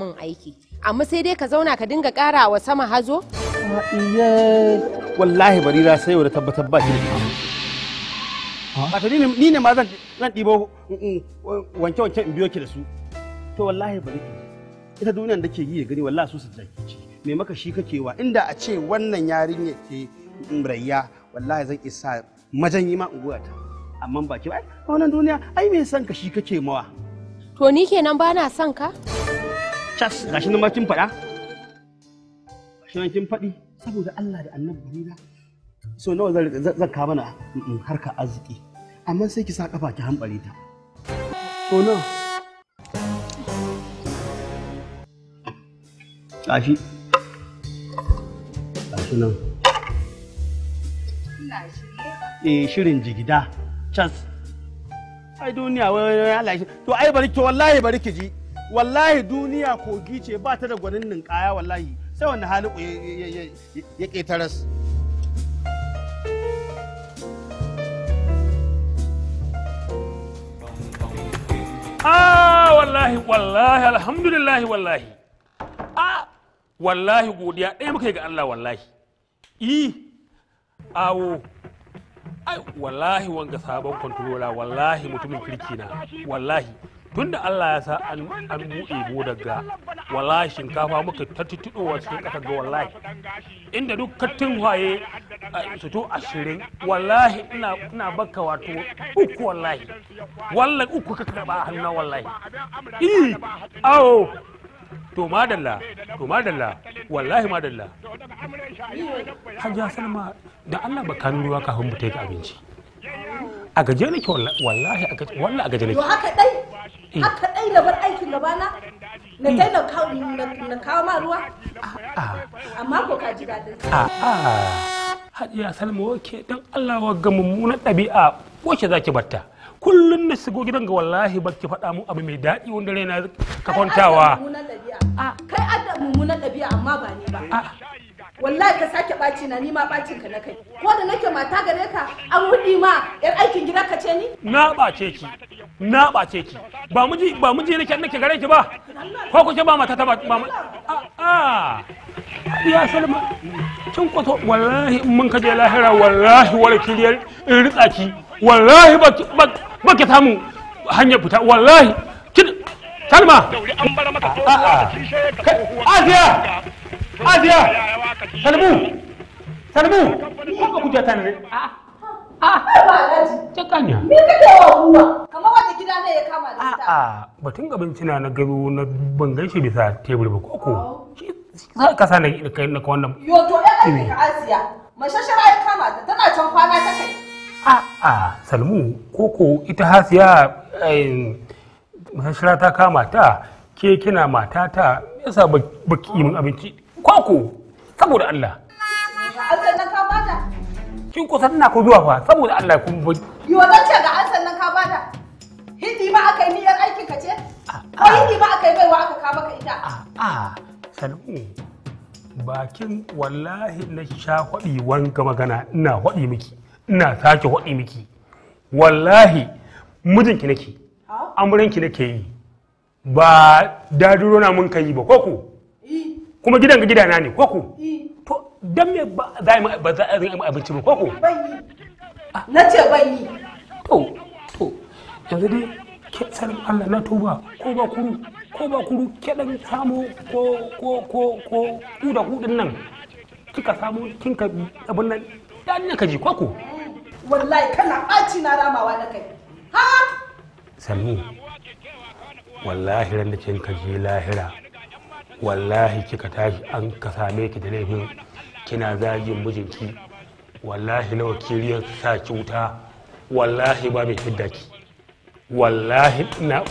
min aiki amma sai dai ka zauna ka dinga kara wa sama hazo wallahi barira sai da tabbatar ba shi da ni ni ne ma zan zan dibo mm, mm, wanke wanke in biyo ki da su to wallahi bari ita duniyar da ke yi gani wallahi su su jaki me maka shi kake wa inda a ce wannan yarinya ke mm, rayya wallahi zan isa majan yi ma unguwa ta amma ba ki ba wannan duniya ai me san ka shi kake mawa to ni kenan ba na san ka tas gashi nan ma kin faɗa gashi nan kin faɗi saboda Allah da annabi Barira so nawa zan ka mana mm, mm, harka arziki amma sai ki sa kafa ki hanbare ta so nawa gashi gashi nan eh shirin jigida chance ai duniya wai Allah shi to ai bariki wallahi bariki ji wallahi duniya kogi ce ba ta da gwanin ninkaya wallahi sai wanda haliku ya ƙetaras ah wallahi wallahi alhamdulillahi wallahi ah wallahi godiya ɗaya muka yi ga Allah wallahi yi awo ai wallahi wanga sabon kwantrola wallahi mutumin kirki na wallahi Tun da Allah ya sa an buɗe mu daga wallahi shinkafa muka ta wa cikin ƙasa ga wallahi inda duk kattin waye a to ashirin wallahi ina baka wato uku wallahi wallahi uku ka karɓa a hannun wallahi i mm, awo to madalla to madalla wallahi madalla hajiya salma da Allah ba kanu ruwa kafin mu ta abinci a gaje nake wallahi a gaje nake to haka dai Eh. haka ɗai na bar aikin gabana na mm. dai na kawo ma ruwa amma ko ka ji daɗin a'a hajiya salma wake dan allah ga mummunan ɗabi'a wace ki batta kullum na shigo gidan ga wallahi ba ki faɗa mun abu mai daɗi wanda raina ka kwantawa kai adda mummunan ɗabi'a amma ba ni ba wallahi ka sake ɓaci na nima ɓacin ka na kai ko da nake mata gare ka an hudi ma yar aikin gida ka ce ni na ɓace ki na ɓace ki ba miji ba miji nake nake gare ki ba ko kuke ba mata ta ba a ya salma kin kwato wallahi in mun kaje lahira wallahi wala kiriyar in ritsa ki wallahi ba ki samu hanyar fita wallahi kin salma a'a a Asiya! Salmu! Salmu! Ko ka kuta tana ta ah, ah, ah, kanya. Me kake wa ruwa? Kamar wata gida ne ya kama da ita. A'a, batun abinci na na gado na ban ganshi bisa tebur ba koko. Za ka na kai na wannan. Yoto ya ɗan eh, aiki ka Asiya. Mashashara ya kama ta tana can kwana ta kai. A'a, Salmu koko ita Hasiya eh, mashashara ta kama ta ke kina matata yasa baki min abinci Koko, saboda Allah. Kin kusa tana ko zuwa fa saboda Allah kun bi. Yo zan ce ga an sannan ka bada. Hidi ma aka yi niyyar aiki ka ce? Ko hidi ma aka yi baiwa aka ka maka ita? A'a, sanu. Bakin wallahi na sha hwaɗi wanka magana ina hwaɗi miki ina sake hwaɗi miki wallahi mijinki nake amuranki nake yi ba daduro na mun kai ba koko kuma gidan ga gidana ne koko eh. to dan me ba za mu ba za a abinci ba koko na ce ban yi to to yanzu dai ke sanin Allah na tuba ko ba kuru ko ba kuru ke dan samu ko ko ko ko ku da kudin nan kika samu kinka abin nan dan ne ka ji koko wallahi kana baci na ramawa na kai ha sami wallahi ran da kinka je lahira wallahi kika tashi an ka same ki da laifin kina zagin mijinki wallahi nawa kiriyar sa cuta wuta wallahi ba mai fidda ki wallahi na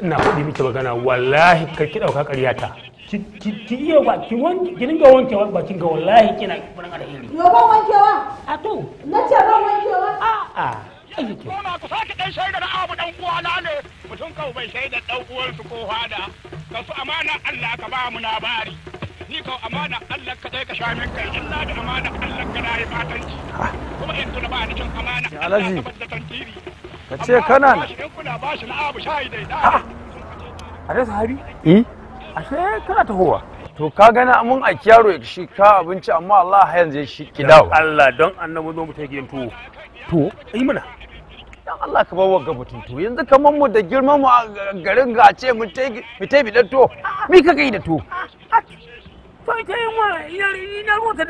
na faɗi miki magana wallahi karki dauka ɗauka ta ki iya ba ki wanke ki dinga wankewa bakin ga wallahi kina fara da iri yo ba wankewa a to na ce ba wankewa a'a Koma ku sake ɗan shaidar abu ɗan uwana ne mutum kawai bai shaidar ɗan uwansu ko hada. Ka su amana Allah ka ba mu labari. Ni kau amana Allah ka sai ka sha min kai in na da amana Allah ka na yi fatanci. Kuma in tuna ba ni cin amana Allah ka bada tantiri. Ka ce kana. Amma kuna ba shi na abu shayi dai da. A da sahabi? Eh. Ashe kana tahowa. to ka gana mun a kiyaro ya shi ka abinci amma Allah yanzu ya shi kidawo Allah don annabi zo mu ta gidan tuwo to yi mana dan Allah ka bawa ga bututu yanzu kamar mu da girman mu a garin ga ce mu tai bidan to mi ka gaida to to ita yin wa ina ruwata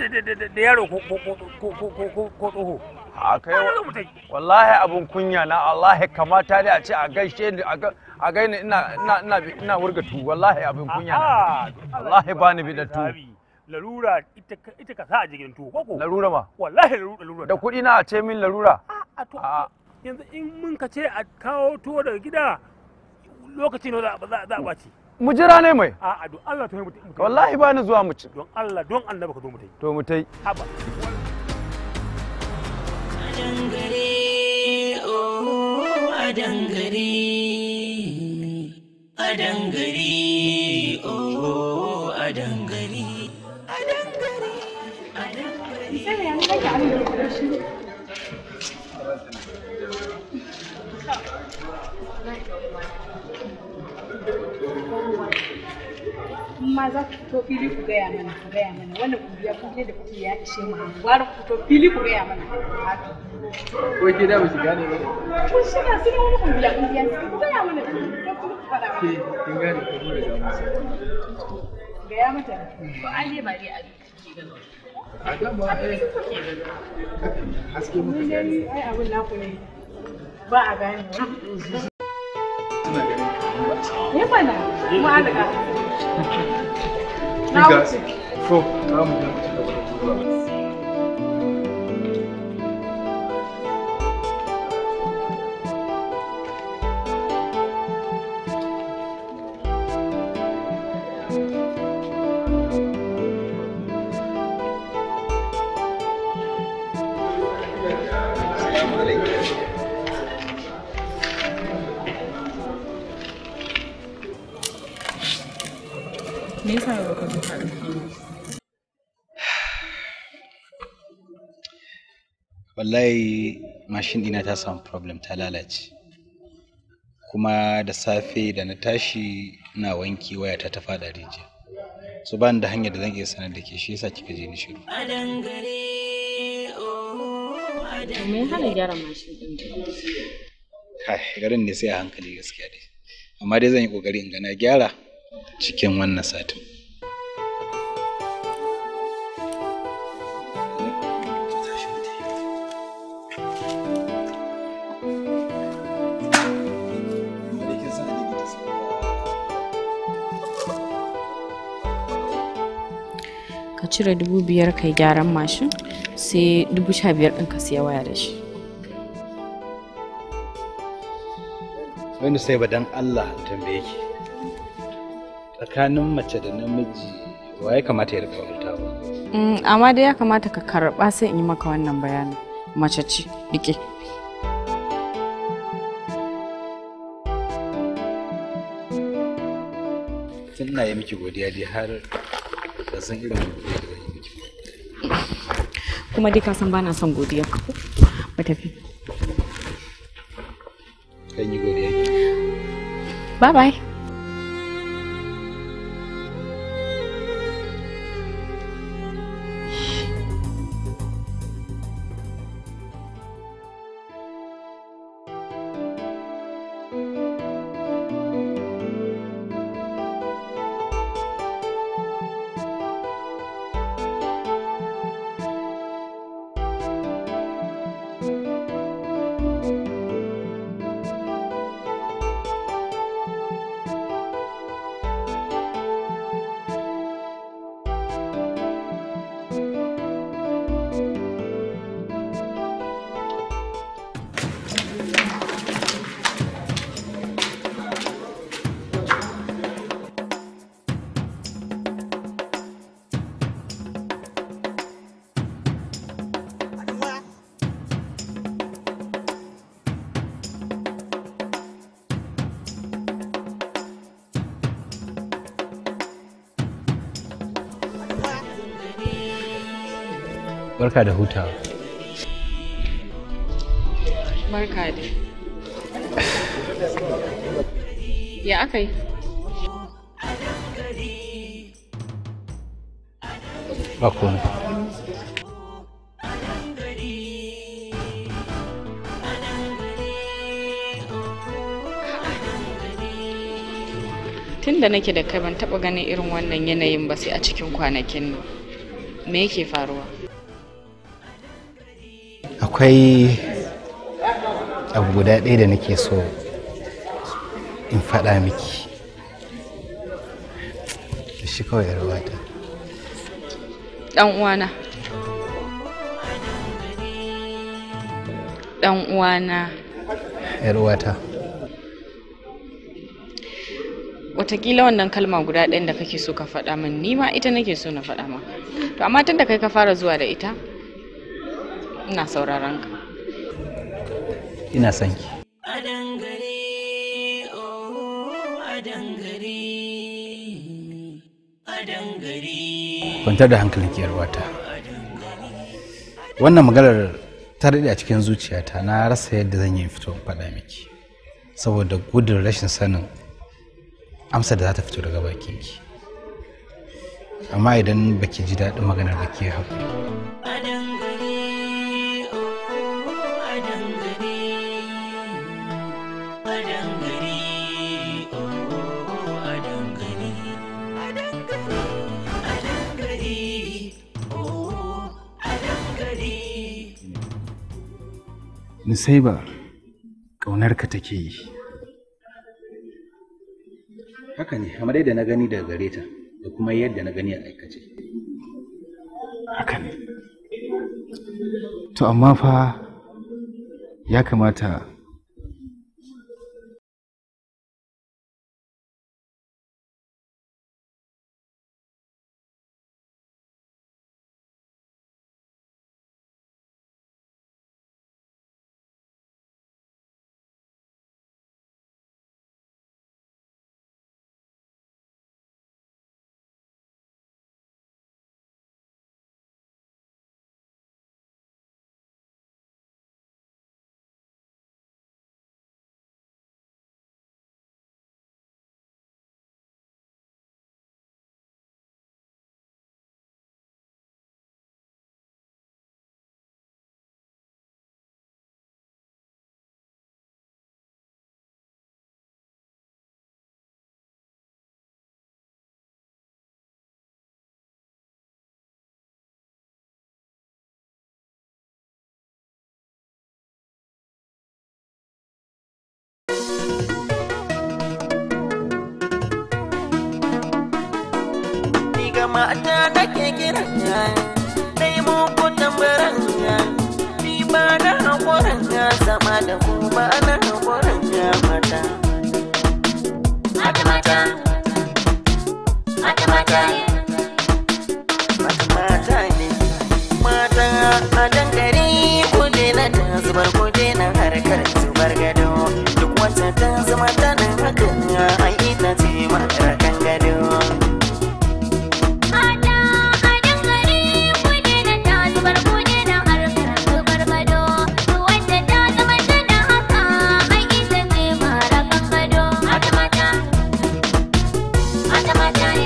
da yaro ko ko ko ko ko ko ko tsoho a kai wallahi abun kunya na Allah kamata ne a ce a gaishe ni a a gaini ina ina ina ina wurga tu wallahi abin kunya na wallahi bani bi da tu larura ita ka sa a jigin tuwo ko larura ma wallahi larura da kudi na a ce min larura a to yanzu in mun ka ce a kawo tuwo daga gida lokaci ne za a ɓaci mu jira ne mai a'a don Allah to mu wallahi ba ni zuwa mu ci don Allah don Allah ka zo mu tai to mu tai haba dangare oh, oh a dangare a dangare oh a dangare a dangare a dangare ma za ku fili ku gaya mana ku gaya mana wannan kungiya da kuke ya ce mu gwara ku fito fili ku gaya mana ko ke da bashi gane ba ku shiga sun wani kungiya kungiya ku gaya mana ko ku fada ke kin gane ku dole da gaya mata ko ali ba dai ali a dan eh haske muka gani ai abin naku ne ba a gane ni wallahi mashin ɗina ta samu problem ta lalace kuma da safe da na tashi na wanki waya ta ta faɗa rijiya so bani da hanyar da zan iya sanar da ke shi yasa kika je ni shiru oh, me hana gyara mashin ɗin kai garin ne sai a hankali gaskiya dai amma dai zan yi kokari in gana gyara cikin wannan satin cire dubu biyar kai gyaran mashin sai dubu sha biyar ɗin ka siya waya da shi wani sai ba dan Allah tambaye ki tsakanin mace da namiji wa ya kamata ya rika wuta ba mm, amma dai ya kamata ka karɓa sai in yi maka wannan bayanin mace ce rike tun na yi miki godiya dai har kuma dai ka san bana son godiya ba tafi bye bye barka da hutawa barka da ya aka yi tun da nake da kai ban taɓa ganin irin wannan yanayin ba sai a cikin kwanakin nan me yake faruwa akwai abu guda ɗaya da nake so in faɗa miki shi kawai yarwata ɗan uwana ɗan uwana yarwata watakila wannan kalma guda ɗaya da kake so ka faɗa min ni ma ita nake so na faɗa maka to amma tun da kai ka fara zuwa da ita ina sauraron ka ina son ki oh, kwantar da hankalin ki wata wannan maganar ta daɗe a cikin zuciyata na rasa yadda zan yi fito faɗa miki saboda gudun rashin sanin amsa da za ta fito daga bakinki amma idan baki ji daɗin maganar baki haƙuri Sai ba ƙaunarka take yi. Haka ne, kamar yadda na gani daga gare ta da kuma yadda na gani a aikace. Haka ne. To amma fa ya kamata mata mata mata mata mata ne mata a dangare kuje na ta zubar kuje na harkar zubar gado duk wata ta zama majani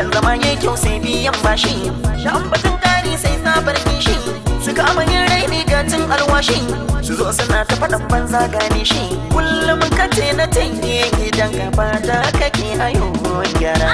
dan zama ya kyau sai biyan bashi da ambatan kari sai sabar kishi su kama yin rai ne gatin alwashi su zo suna ta faɗan banza gane shi kullum ka na tanye gidan gaba da kake ayo gyara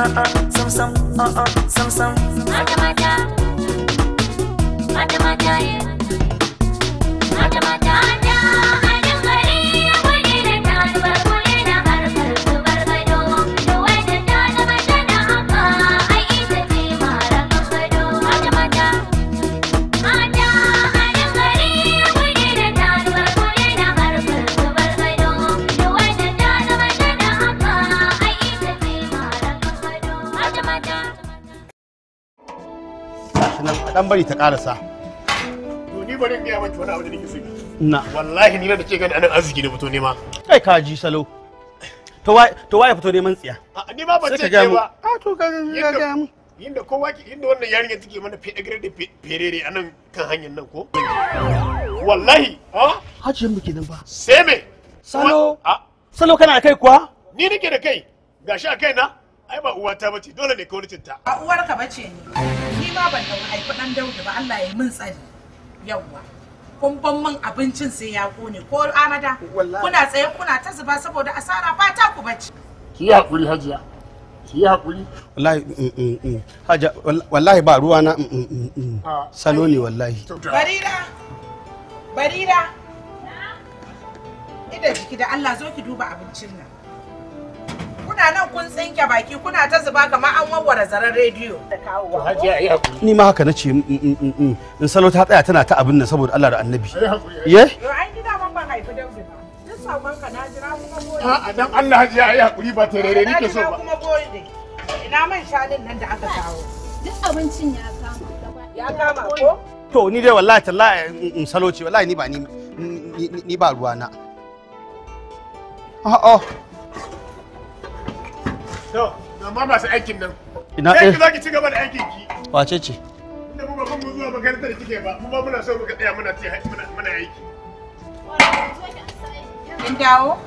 uh uh, some some, uh uh, some some. bari ta karasa to ni bari ga miki wani abu da nake so na wallahi ni da ke gani anan arziki da fito nema kai ka ji salo to wai to wai fito neman tsiya ni ma ba ce ke ba a to ka ga ga mu inda kowa ki inda wannan yarinya take mana fede gare da ferere anan kan hanyar nan ko wallahi ha hajiyar mu kenan ba sai me salo salo kana kai kuwa ni nake da kai gashi a kai na ai ba uwata bace dole ne ka wani cinta a uwarka bace ni ma ban haifi ɗan dauda ba Allah ya min tsari yawwa kun ban min abincin sai ya kone ko anada kuna tsaye kuna ta zuba saboda asara ba ta ku bace ki hakuri hajiya ki hakuri wallahi mm, mm, mm. hajiya wallahi ba ruwa na ah, salo ne wallahi barira barira ida jiki da Allah zo ki duba abincin nan kuna nan kun tsinke baki kuna ta zuba kamar an warware zaren rediyo ni ma haka nace mm, mm, mm, in salo ta tsaya tana ta abin nan saboda Allah da Annabi ye ai gida ban ban haifi sabon ka na jira ina man shanin nan da aka kawo ko to ni dai wallahi tallahi in salo ce wallahi ni ba ni ni ba ah, ah. To, amma masu aikin nan. Ina ɗaya. Yanki eh. za ki ci gaba da aikin ki. Wace ce? Inda mu ba kun mu zuwa makarantar kike ba, kuma muna so muka tsaya muna muna aiki. Kin dawo?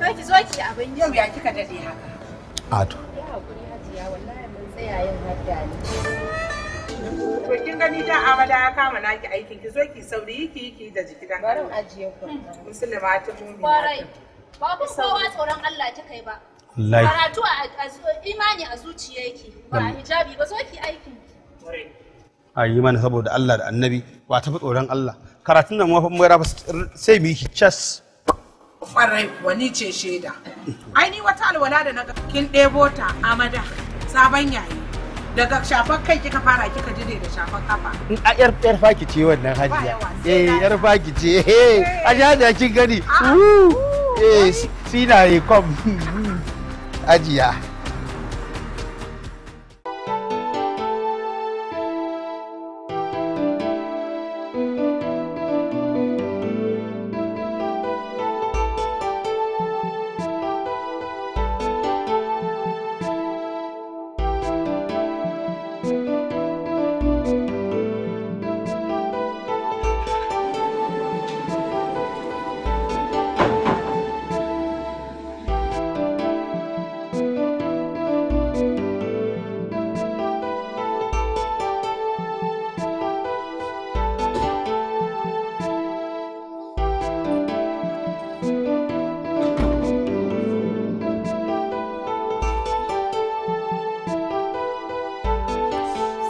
Sai zo ki abin yau ya kika dade haka. ato. Ya hakuri Hajiya wallahi mun tsaya yin hadda ne. To kin gani da amada ya kama naki aikin ki zo ki sauri ki ki da jiki dan. Barin ajiye ku. Musulma ta mu. Kwarai. Ba kun kowa tsoron Allah ta kai ba. karatu a imani a zuciya yake ba a hijabi ba so ki aiki a yi mana saboda Allah da annabi ba ta fi tsoron Allah karatun nan mafi mura sai mu yi chess kwarai wani ce shaida ai ni wata alwala da na kin ɗebo ta amada sabon yayi daga shafan kai kika fara kika jire da shafan kafa a yar yar faki ce wannan hajiya eh yar faki ce eh, eh. a jaja kin gani ah. eh sina kom ajiya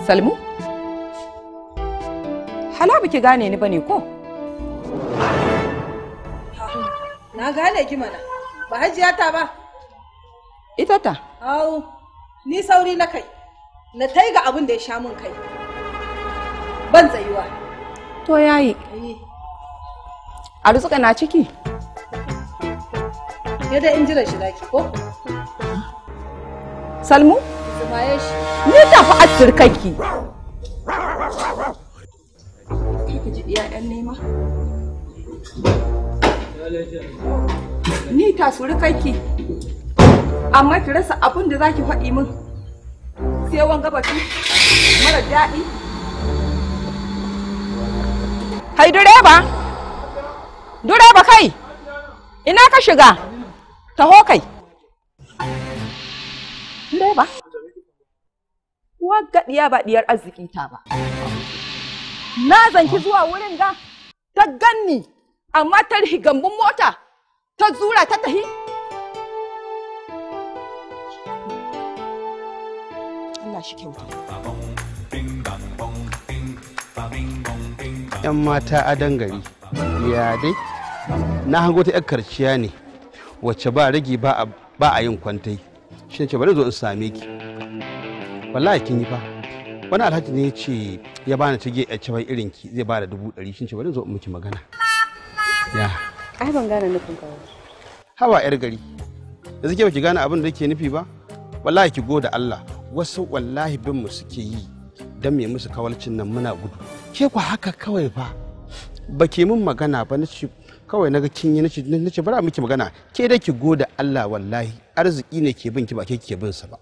Salmu? Hala biki gane ni bane ko? Na gane ki mana, ba hajiya ta ba. Ita ta? Au, ni sauri na kai, na tai ga abin da ya sha mun kai. Ban tsayuwa. To yayi. A rutsuka na ciki? Yadda in jira shi ki, ko? Salmu? Ni tafi asirkaki. Ni ta surukaki. Amma ki rasa abin da zaki faɗi min. Sai wanga baki mara daɗi. Kai direba! Direba kai! Ina ka shiga? Taho kai! Direba! gaɗiya ba ɗiyar arziki ta ba. Na zanki zuwa wurin ga ta ganni amma ta gambun mota ta zura ta tahi. Allah shi kyauta. ‘Yan mata a dangare, ya dai, na hango ta ‘yar karciya ne, wacce ba rage ba a yin kwantai, shi ne ce bari zo in same ki. wallahi kin yi fa wani alhaji ne ya ce ya bani ta a cewa irin ki zai bada dubu ɗari shi ce bari zo miki magana ya ai ban gane nufin ka hawa yar gari da suke ki gane abin da yake nufi ba wallahi ki goda Allah wasu wallahi bin mu suke yi dan me musu kawalcin nan muna gudu ke ku haka kawai fa ba ke mun magana ba nace kawai naga kin yi nace nace bara miki magana ke da ki goda Allah wallahi arziki ne ke bin ki ba ke ke bin sa ba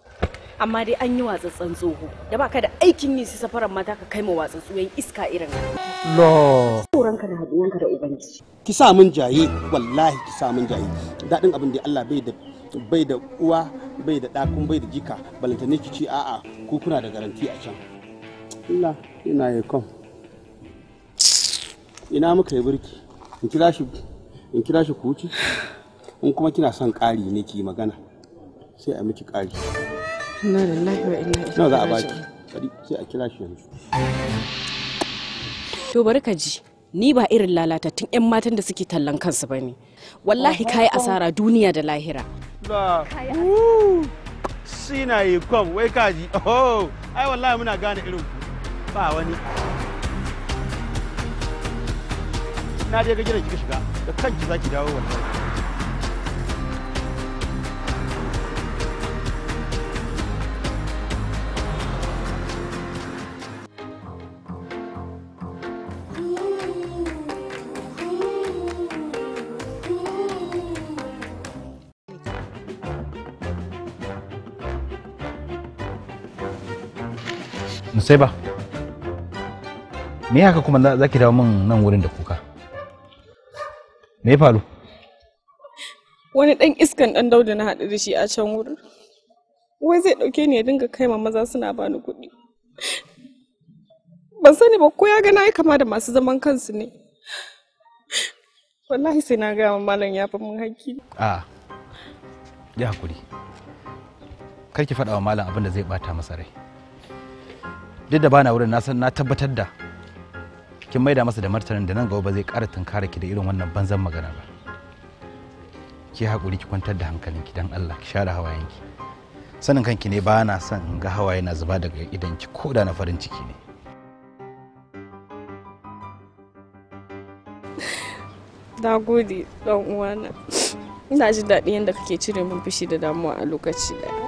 amma dai an yi watsatsan tsoho da baka da aikin yi su safaran mata ka kai ma watsatsu yan iska irin lo tsoron da ka da ubangiji ki sa min jaye wallahi ki sa min jaye daɗin abin da Allah bai da bai da uwa bai da dakun bai da jika ne ki ce a'a ku kuna da garanti a can Allah ina ya kom ina muka yi birki in kira shi in kira shi wuce in kuma kina son ƙari ne ki magana sai a miki ƙari na wa za To bari ka ji. Ni ba irin lalatattun 'yan matan da suke tallan kansu ba ne. Wallahi ka yi asara duniya da lahira. yi Na je ga gidan ki shiga. Da kanki zaki dawo wallahi. sai ba me haka kuma za ki dawo min nan wurin da kuka me ya faru wani dan iskan dan dauda na hadu da shi a can wurin wai zai ɗauke ni ya dinga kai ma maza suna bani kuɗi ban sani ba ko ya ga na kama da masu zaman kansu ne wallahi sai na gaya malam ya fi mun haƙƙi a ya hakuri kar ki faɗa wa malam abin da zai bata masa rai duk da bana wurin na san na tabbatar da kin maida masa da martanin da nan gaba ba zai ƙara tunkara ki da irin wannan banzan magana ba ki haƙuri ki kwantar da hankalinki dan Allah ki share hawayenki sanin kanki ne bana son in ga hawaye na zuba daga idan ki ko da na farin ciki ne na gode dan uwana ina ji daɗi yadda kake cire min fushi da damuwa a lokaci ɗaya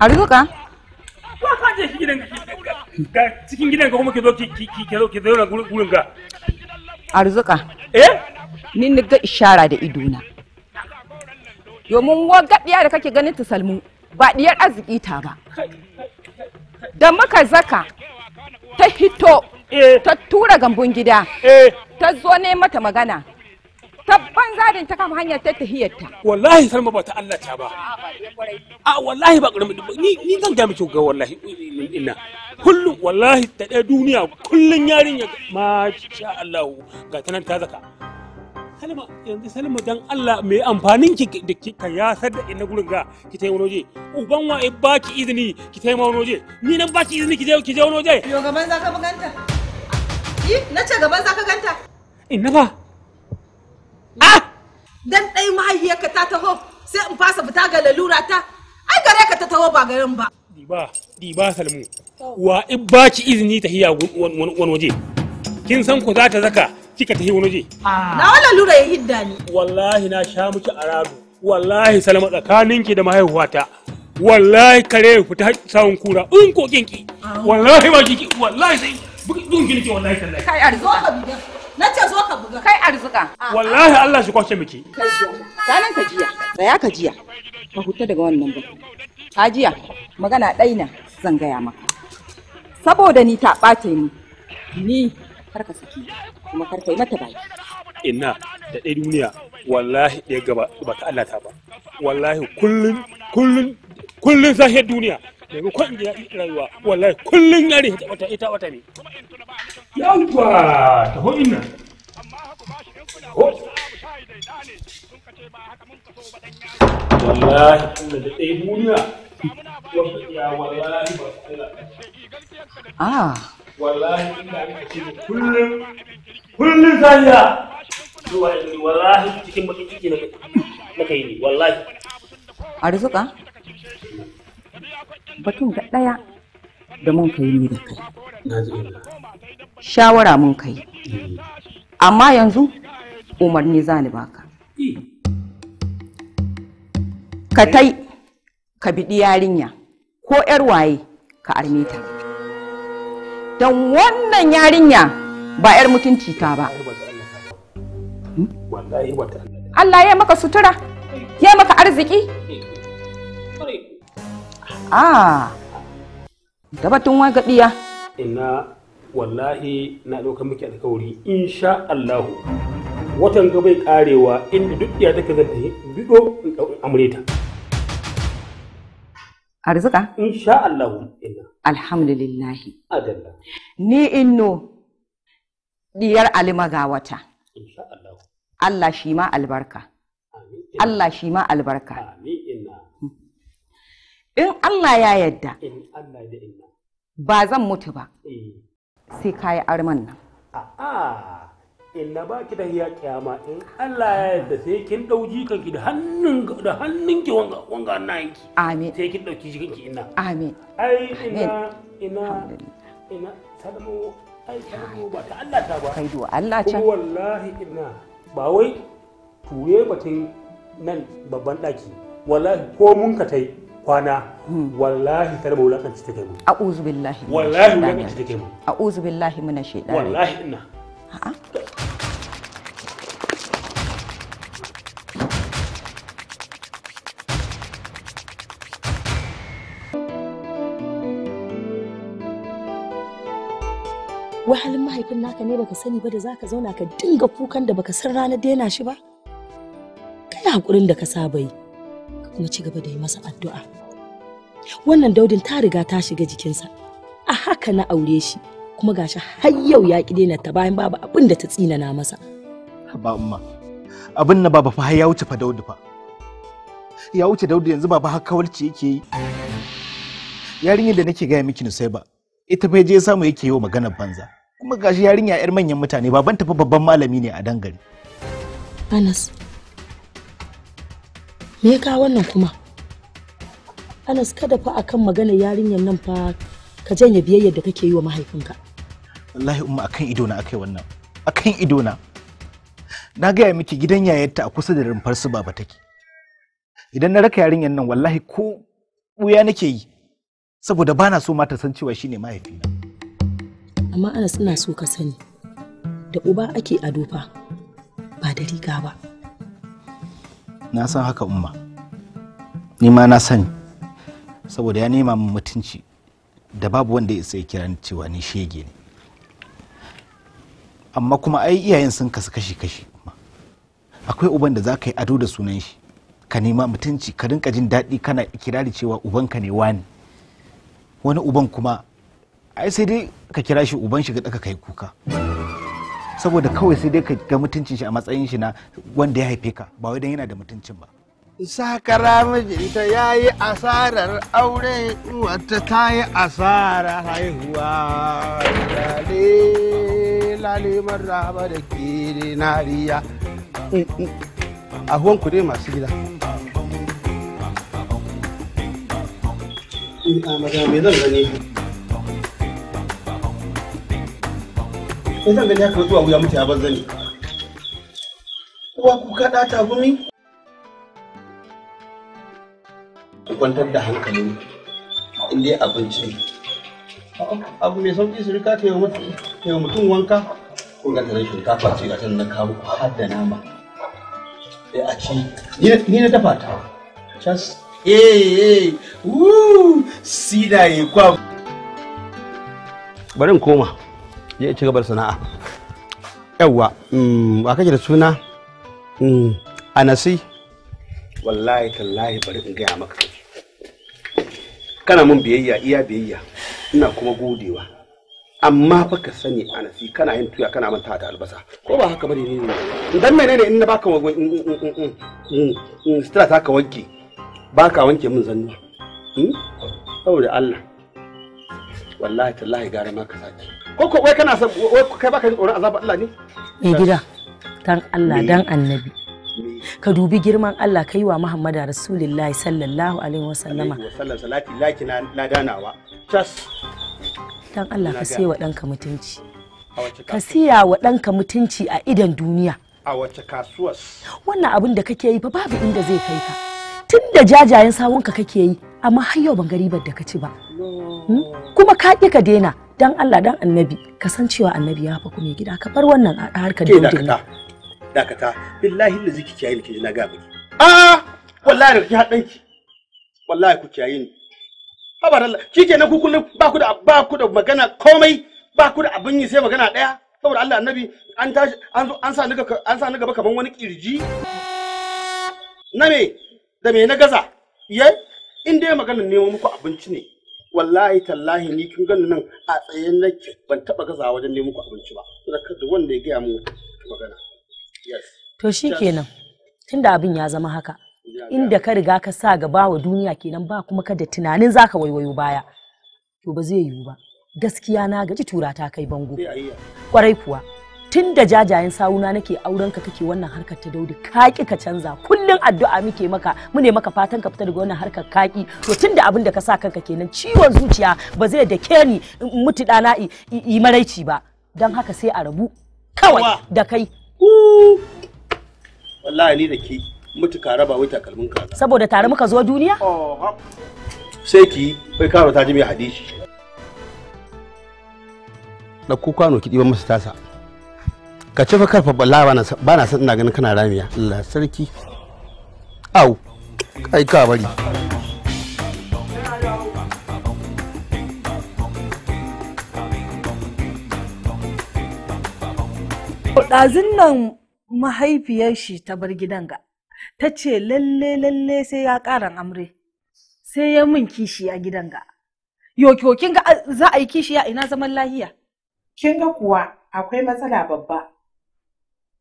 a rufe ka ko eh? ni ishara da idona domin wagga da kake ganin ta salmu ba diyar arziki ta ba da maka zaka ta hito eh. ta tura gambun gida eh. ta zo ne mata magana tabban zadin ta kama hanyar ta tahiyarta wallahi salma ba ta Allah ta ba a wallahi ba karamin ni ni zan ga miki ga wallahi ina kullum wallahi ta ɗaya duniya kullum yarinya ma sha Allah ga ta nan ta zaka salma yanzu salma dan Allah mai amfanin ki da ka ya sadda ina gurin ga ki tayi wani waje uban wa baki izini ki tayi wani waje ni nan baki izini ki je ki je wani waje yo gaban zaka ganta yi na ce gaban zaka ganta inna ba Dan ɗaya mahaifiyarka ta taho sai in fasa fita ga lalura ta, ai gare ka ta taho ba garin ba. Diba, diba Salmu, wa in ba ki izini ta hiya wani waje, kin san ku za ta zaka kika ta hiya wani waje. Ah. Na wala lura ya hidda ni. Wallahi na sha miki arado wallahi Salma ki da mahaihuwata. wallahi kare ta samun kura in kokin ki ah. wallahi ba ki wallahi sai bugun ki nake wallahi tallahi kai arzo Na ce zo ka buga. Kai arzika. Wallahi Allah shi kwace miki. Ranan ka jiya, ya ka jiya. Ka huta daga wannan ba. Ka jiya, magana ɗaina zan gaya maka. Saboda ni ta ɓata ni, ni kar ka saki kuma kar ka yi mata baki. Ina da ɗaya duniya wallahi ɗaya gaba ba ta Allah ta ba. Wallahi kullum kullum kullum sahiyar duniya domin kwan gida rayuwa wallahi kullum yare ta wata ita wata ne yawwa ta ho inna wallahi Allah da ɗaya duniya Ah. Wallahi ina ce kullum kullum zanya wallahi cikin bakin ciki na kai ne wallahi. A rizuka? batun ga ɗaya da mun kai ni da kai shawara mun kai mm. amma yanzu umarni za ni baka ka tai ka biɗi yarinya ko 'yar waye ka arme ta don wannan yarinya ba 'yar mutunci ta ba Allah ya maka sutura ya maka arziki a ah, da batun wai gaɗiya ina wallahi na ɗauka miki alkawari insha Allahu watan ga ƙarewa inda duk ya take zan in bido amureta arzika insha Allahu ina alhamdulillah adalla ni inno diyar alima ga wata insha Allah Allah shi ma albarka Allah shi ma albarka amin in Allah ya yadda ba zan mutu ba eh. sai ka yi arman nan a'a inna ba ki da ya kyama in Allah ya yadda sai kin dauki kanki da hannun da hannunki wanga wanga annanki amin sai kin dauki kanki ina amin ai ina ina ina salmo ai salmo ba ta Allah ta ba kai duwa Allah can wallahi ina ba wai ture batun nan babban daki wallahi ko mun ka tai kwana hmm. wallahi tarba wulakanci take mu a'udhu billahi wallahi wulakanci take mu a'udhu billahi muna shaitani wallahi ina a'a wahalin mahaifin naka ne baka sani ba da zaka zauna ka dinga kukan da baka san ranar daina shi ba kai hakurin da ka saba yi ka kuma ci gaba da yi masa addu'a wannan daudin ta riga ta shiga jikinsa a haka na aure shi kuma gashi har yau ya ƙi daina ta bayan babu abin da ta tsinana masa ba umma abin na baba fa ya wuce fa daudu fa ya wuce daudu yanzu babu har kawalci yake yi yarinyar da nake gaya miki sai ba ita fa je samu yake yi maganar banza kuma gashi yarinya yar manyan mutane baban tafi babban malami ne a dangare Anas me ka wannan kuma Anas kada fa akan magana yarinyar nan fa ka janye biyayyar da kake yi wa mahaifinka. Wallahi umma akan ido na akai wannan. Akan ido na. Na gaya miki gidan yayarta a kusa da rumfar su baba take. Idan na raka yarinyar nan wallahi ko buya nake yi saboda bana so mata san cewa shine mahaifina. Amma Anas ina so ka sani da uba ake ado fa ba da riga ba. Na san haka umma. Ni ma na sani. saboda ya nema min mutunci da babu wanda ya isa kiran cewa ni shege ne amma kuma ai iyayen sun kasu kashi-kashi akwai uban da zaka yi ado da sunan shi ka nema mutunci ka rinka jin daɗi kana kirari cewa ubanka ne wani wani uban kuma ai sai dai ka kira shi uban shi ga ka kai kuka saboda kawai sai dai ka ga mutuncin shi a matsayin shi na wanda ya haife ka ba wai dan yana da mutuncin ba sakara mijinta ya yi asarar aure wata ta yi asara haihuwa lale lale marraba da ke nariya a ku masu gida wuya mutu ya kuka ɗata gumi? kwantar da hankali in dai abinci ne abu mai sauki su rika ta yi mutum wanka ko ga tare shinkafa ce ga na kawo har da nama sai a ci ni na dafa ta cas eh eh wuu sida yi kwa bari in koma je ci gabar sana'a yawwa ba mm, kake da suna mm, anasi wallahi tallahi bari in gaya maka kana mun biyayya iya biyayya ina kuma godewa amma fa ka sani a nasi kana yin tuya kana manta da albasa ko ba haka bane ne dan menene in na baka wagon in stra ta ka wanke baka wanke min zannu hmm? saboda Allah wallahi tallahi gara ma ka saki ko ko wai kana san wai kai baka jin tsoron azabar Allah ne eh gida dan Allah dan annabi ka dubi girman Allah kai wa Muhammadu Rasulullahi sallallahu alaihi wasallama salati laki dan Allah ka siya wa ɗanka mutunci ka siya wa ɗanka mutunci a idan duniya a wace kasuwas wannan abin da kake yi fa babu inda zai kai ka tun jajayen sawunka kake yi amma har yau ban garibar da ka ci ba hmm? kuma ka ƙi ka daina dan Allah dan annabi ka cewa annabi ya fa kuma gida ka bar wannan harkar dindindin dakata billahi lazi ki kiyaye ki na ga miki a wallahi da ki hadan ki wallahi ku kiyaye ni habar Allah kikenan ku kullu ba ku da ba ku da magana komai ba ku da abin yi sai magana daya saboda Allah annabi an tashi an zo an sa ni an sa ni gaba kaman wani kirji na da me na gaza ye in dai magana neman muku abinci ne wallahi tallahi ni kin gani nan a tsaye nake ban taba gaza wajen neman muku abinci ba da wanda ya gaya mu magana to shi kenan tunda abin ya zama haka inda ka riga ka sa gaba wa duniya kenan ba kuma ka da tunanin zaka waiwayo baya to ba zai yiwu ba gaskiya na gaji tura ta kai bango kwarai kuwa tunda jajayen sawuna nake auren ka kake wannan harkar ta daudi kaki ka canza kullum addu'a muke maka mune maka fatan ka fita daga wannan harkar kaki to tun da abin da ka sa kanka kenan ciwon zuciya ba zai da ke ni mutu dana i maraici ba don haka sai a rabu kawai da kai wallahi ni da ke mutuka raba wai takalmin kaza saboda tare muka zo duniya sai ki bai karo ta ji mai hadishi na ku kwano ki diban masa tasa ka ci fa karfa balla ba na san ina ganin kana ramiya Allah sarki au yi ka bari ɗazun nan mahaifiyar shi ta bar gidan ga ta ce lalle lalle sai ya ƙaran amre sai ya min kishi a gidan ga yo kin ga za a yi kishi a ina zaman lahiya kin ga kuwa akwai matsala babba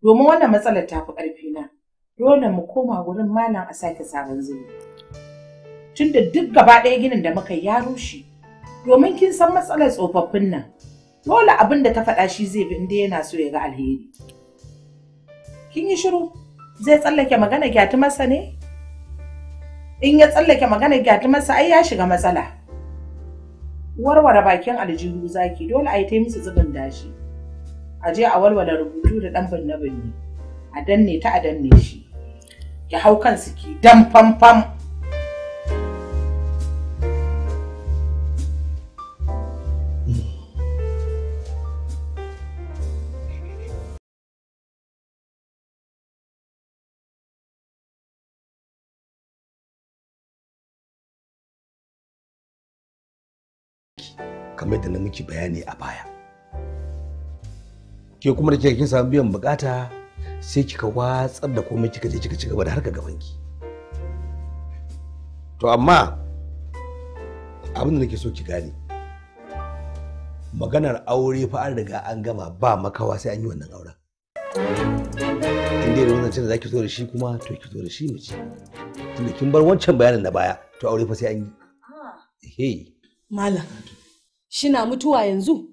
domin wannan matsalar ta fi ƙarfina, na dole mu koma wurin malam a sake sabon zuri tunda duk gaba ɗaya ginin da muka ya rushe domin kin san matsalar tsofaffin nan dole abin da ta faɗa shi zai bi inda yana so ya ga alheri kin yi shiru zai tsallake magana gyati masa ne in ya tsallake magana gyati masa ai ya shiga matsala warware bakin aljihu zaki dole a yi ta musu zubin dashi a je a walwala rubutu da ɗan binne binne a danne ta a danne shi ki hau kansu ki dan fam-fam! kamar da na miki bayani a baya ke kuma da kin samu biyan bukata sai kika watsar da komai kika je kika ci gaba da harka ki, to amma abin da nake so ki gane maganar aure fa an riga an gama ba makawa sai an yi wannan auren in dai wannan cin da zaki zo da shi kuma to ki zo da shi mace tunda kin bar wancan bayanin na baya to aure fa sai an yi hey malam shi na mutuwa yanzu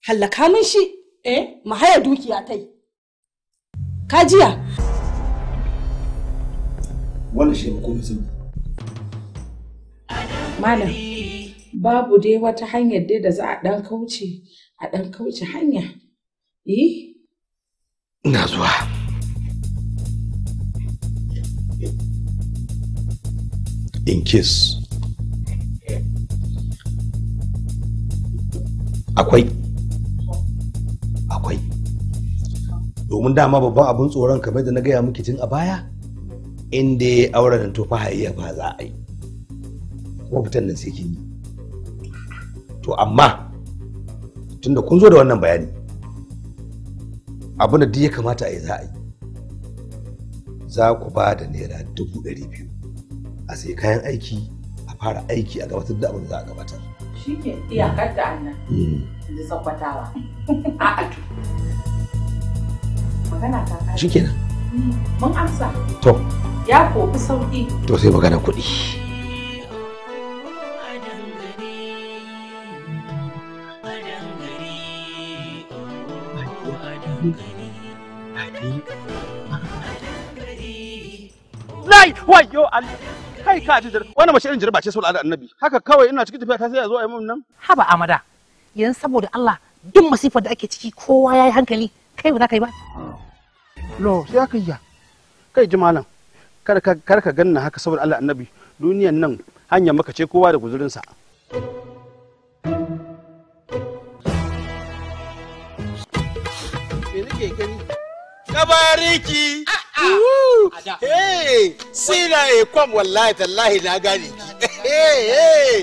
hallaka min shi eh mu haya dukiya tai kajiya wannan shi ko mutum malam babu dai wata hanyar dai da za a dan kauce a dan kauce hanya eh ina zuwa in case akwai akwai domin dama babban abin tsoron kamar da na gaya muke tun a baya inda ya aure nan tofa hayayya ba za a yi kuma fitan nan sai kin yi to amma tunda kun zo da wannan bayani abin da duk ya kamata a yi za a yi za ku ba da naira dubu ɗari biyu a sai kayan aiki a fara aiki a gabatar da abin da za a gabatar shi ke iyakar mm. da mm. annan da sakwatawa a atu magana ta kai shi kenan mm. mun amsa to ya kofi sauki to sai magana kuɗi Lai, wayo kai ka ji wannan mace irin jarba ce sau da annabi haka kawai ina cikin tafiya ta sai a zo a yi mun nan haba amada yanzu saboda Allah duk masifar da ake ciki kowa yayi hankali kai ba za ka yi ba lo sai aka yi kai ji malam kar ka kar ka ganna haka saboda Allah annabi duniyan nan hanya maka ce kowa da guzurin sa me nake gani kabariki hey sina e kwam wallahi tallahi na gane hey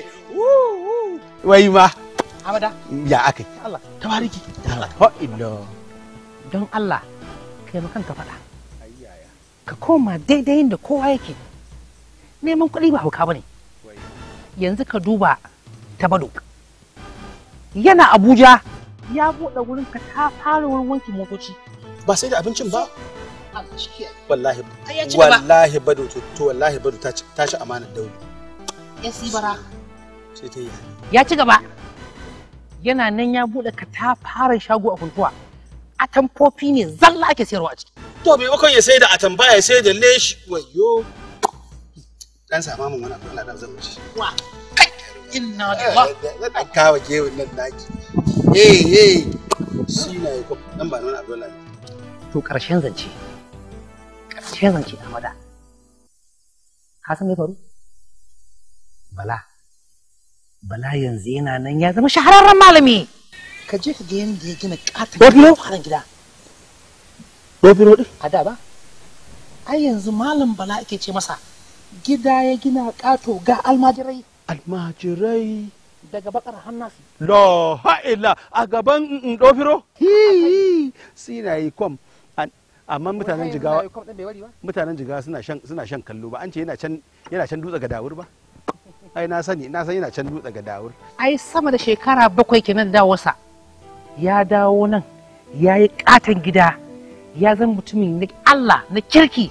wai ma amada ya akai Allah tabariki Allah illo don Allah kai makan ka fada ka koma daidai da kowa yake neman kuɗi ba hauka bane yanzu ka duba ta bado yana Abuja ya buɗe wurin ka ta fara wurin wankin motoci ba sai da abincin ba wallahi wallahi bado to wallahi bado ta ci amanar dauri ya si bara sai ta yi ya ci gaba yana nan ya bude ka ta fara shago a kuntuwa atamfofi ne zalla ake sayarwa a ciki to maimakon ya sai da atamba ya sai da leshi wayo dan sa mamun wani Allah da zan ci wa inna Allah dan eh, eh, kawo gewin nan daki eh eh shi na yi ko dan ba nan Abdullahi to ƙarshen zance ƙarshen zance Ahmada ka san me faru bala bala yanzu yana nan ya zama shahararren malami ka je ka ga yadda ya gina katon kwanan gida ɗofi roɗi a da ba ai yanzu malam bala ake ce masa gida ya gina ƙato ga almajirai almajirai daga bakar hannasi lo ha'ila a gaban dofiro hi sinayi kom amma mutanen jigawa mutanen jigawa suna shan suna shan kallo ba an ce yana can yana can dutse ga dawur ba ai na sani na san yana can dutse ga dawur ai sama da shekara bakwai kenan da wasa ya dawo nan ya yi katon gida ya zan mutumin na Allah na kirki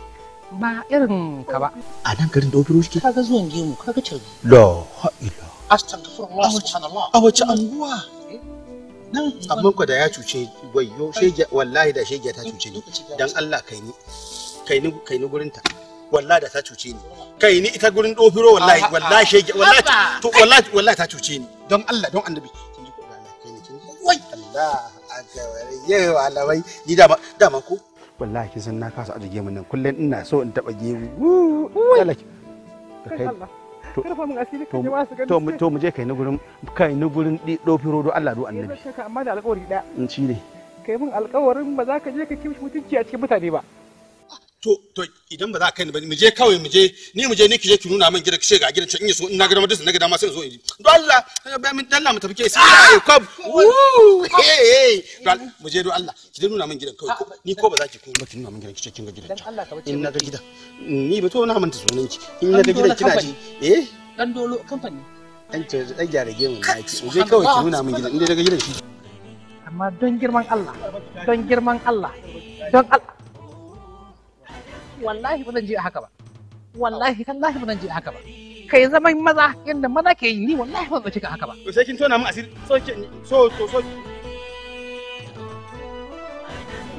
ba irin ka ba a nan garin dobiro shi kaga zuwan gemu kaga cewa la ha ila astaghfirullah subhanallah a wace anguwa abin ku da ya cuce wayo wallahi da shege ta cuce ni dan Allah kai ni kai ni kai ni gurin ta wallahi da ta cuce ni kai ni ita gurin dofiro wallahi wallahi shege wallahi to wallahi wallahi ta cuce ni don Allah don annabi Allah wai Allah yau alamai ni da da man ko wallahi kin san na kasa aje mun nan kullun ina so in taba gemu wallahi kai Allah to to mu je kai na gurin kai na gurin dofiro do Allah do annabi amma da alƙawari in ci ne kai mun alƙawarin ba za ka je ka kimshi mutunci a cikin mutane ba to to idan ba za ka kai ni ba mu je kawai mu je ni mu je ni ki je ki nuna min gidan kishe ga gidan can in so in na gida madisa na gida ma sai in zo in ji don Allah eh, ba min dalla mu tafi ke sai ah! eh, kwab eh mu je don Allah ki nuna min gidan kawai ni ko ba za ki ko ba ki nuna min gidan kishe kin ga gidan can in na ga gidan ni ba to na manta sunan ki in na ga gidan kina ji eh dan dolo kamfani dan ce dan gyara gemu na ki je kawai ki nuna min gidan in daga gidan ki amma don girman Allah don girman Allah don Allah wallahi ba zan je haka ba wallahi tallahi ba zan je haka ba kai zaman maza yadda maza ke yi ni wallahi ba zan a haka ba to sai kin tona mu asiri so so so so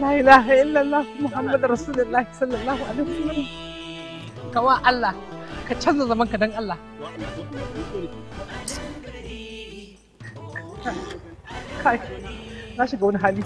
la ilaha illallah muhammadu rasulullah sallallahu alaihi wasallam kawa Allah ka canza zaman ka dan Allah kai na shiga wani hali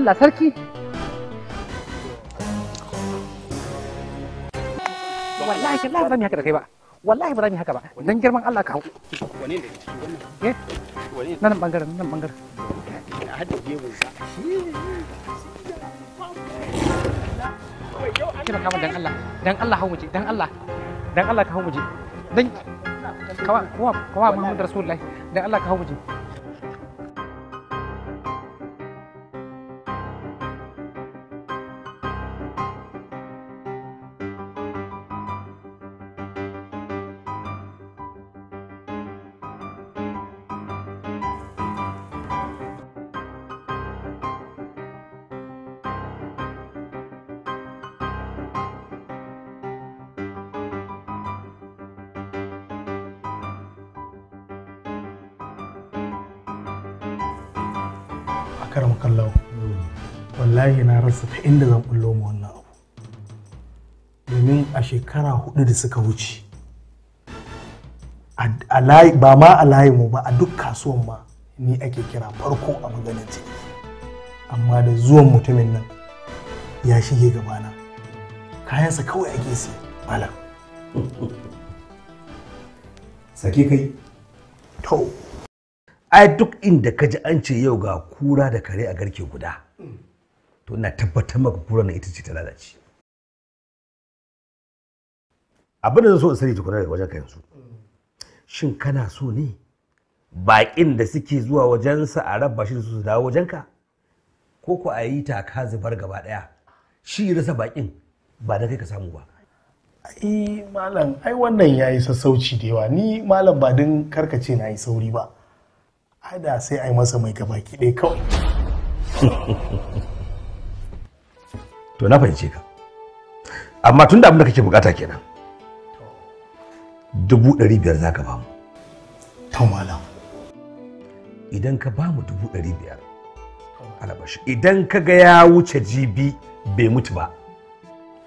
Allah sarki wallahi wallahi lafa mi haka da kai ba wallahi ba za mu haka ba dan girman Allah ka hau wani ne eh nan bangaren nan bangaren a hadda gemun sa kira kama dan Allah dan Allah hau muje dan Allah dan Allah ka hau muje dan kawa kawa kawa Muhammad Rasulullahi dan Allah ka hau muje wallahi na rasa ta inda zan bullo mu wannan abu domin a shekara hudu da suka wuce ba ma a layinmu ba a duk kasuwan ma ni ake kira farko a maganin ciki amma da zuwan mutumin nan ya shige gabana kayansa kawai ake siya malam sake kai to ai duk inda ka ji an ce yau ga kura da kare a garke guda to ina tabbatar maka kura na ita ce ta lalace abin da zan so in sani tukuna daga wajen ka yanzu shin kana so ne baƙin da suke zuwa wajensa a raba shi da su su dawo wajenka ko ku a yi taka zubar gaba ɗaya shi rasa baƙin ba da kai ka samu ba ai malam ai wannan ya yi sassauci da yawa ni malam ba din karkace na yi sauri ba ada sai ai masa mai gaba ki ɗaya kawai to na fahimce ka amma tunda abin da kake bukata kenan dubu ɗari biyar za ka bamu to malam idan ka bamu dubu ɗari biyar alabashi idan ka ga ya wuce jibi bai mutu ba